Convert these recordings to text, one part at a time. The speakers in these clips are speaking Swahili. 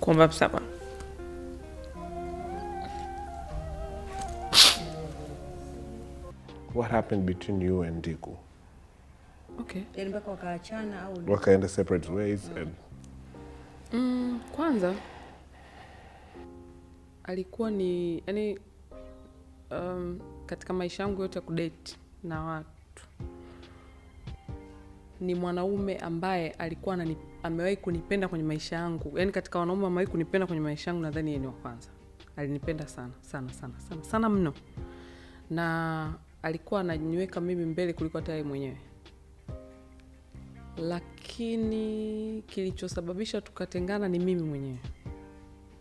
qu'on va savoir. What happened between you and Diku? Okay. Wakaachana au wakaenda separate ways mm. and... Mm, kwanza alikuwa ni yani, um, katika maisha yangu yote ya kudate na watu ni mwanaume ambaye alikuwa anani, amewahi kunipenda kwenye maisha yangu, yaani katika wanaume amewahi kunipenda kwenye maisha yangu, nadhani yeye ni wa kwanza. Alinipenda sana sana sana sana sana mno, na alikuwa ananiweka mimi mbele kuliko hata yeye mwenyewe, lakini kilichosababisha tukatengana ni mimi mwenyewe,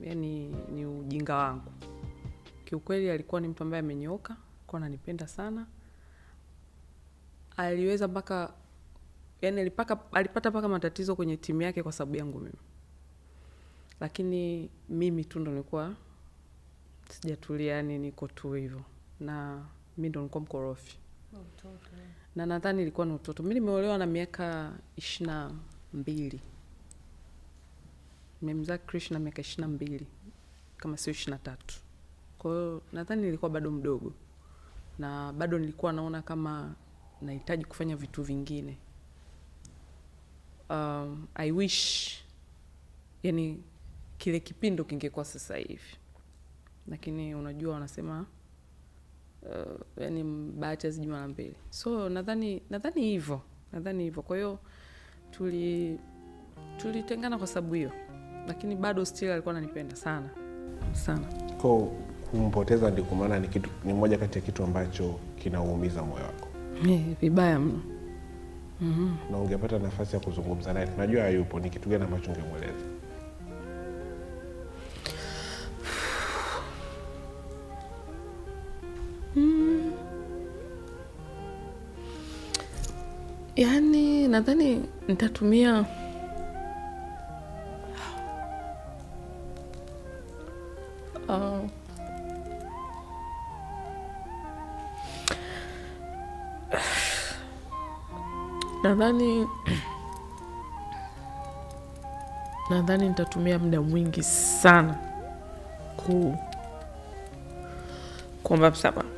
yaani ni ujinga wangu kiukweli. Alikuwa ni mtu ambaye amenyooka, kuwa ananipenda sana, aliweza mpaka yani alipaka, alipata mpaka matatizo kwenye timu yake kwa sababu yangu mimi, lakini mimi tu ndo nilikuwa sijatulia, yani niko tu hivyo, na mi ndo nilikuwa mkorofi na nadhani ilikuwa ni utoto. Mi nimeolewa na miaka ishirini na mbili nimemzaa Krish na miaka ishirini na mbili kama sio ishirini na tatu kwahiyo nadhani nilikuwa bado mdogo na bado nilikuwa naona kama nahitaji kufanya vitu vingine um, I wish yani kile kipindo kingekuwa sasa hivi, lakini unajua wanasema uh, yani bahati haziji mara mbili, so nadhani nadhani hivyo nadhani hivyo. Kwa hiyo tuli tulitengana kwa sababu hiyo, lakini bado still alikuwa ananipenda sana sana. ko kumpoteza ndikumana ni kitu, ni moja kati ya kitu ambacho kinauumiza moyo wako eh, vibaya mno mm -hmm. na ungepata nafasi ya kuzungumza naye, najua hayupo, ni kitu gani ambacho ungemweleza? mm. Yaani nadhani nitatumia uh, Nadhani nadhani nitatumia muda mwingi sana ku kuomba msamaha.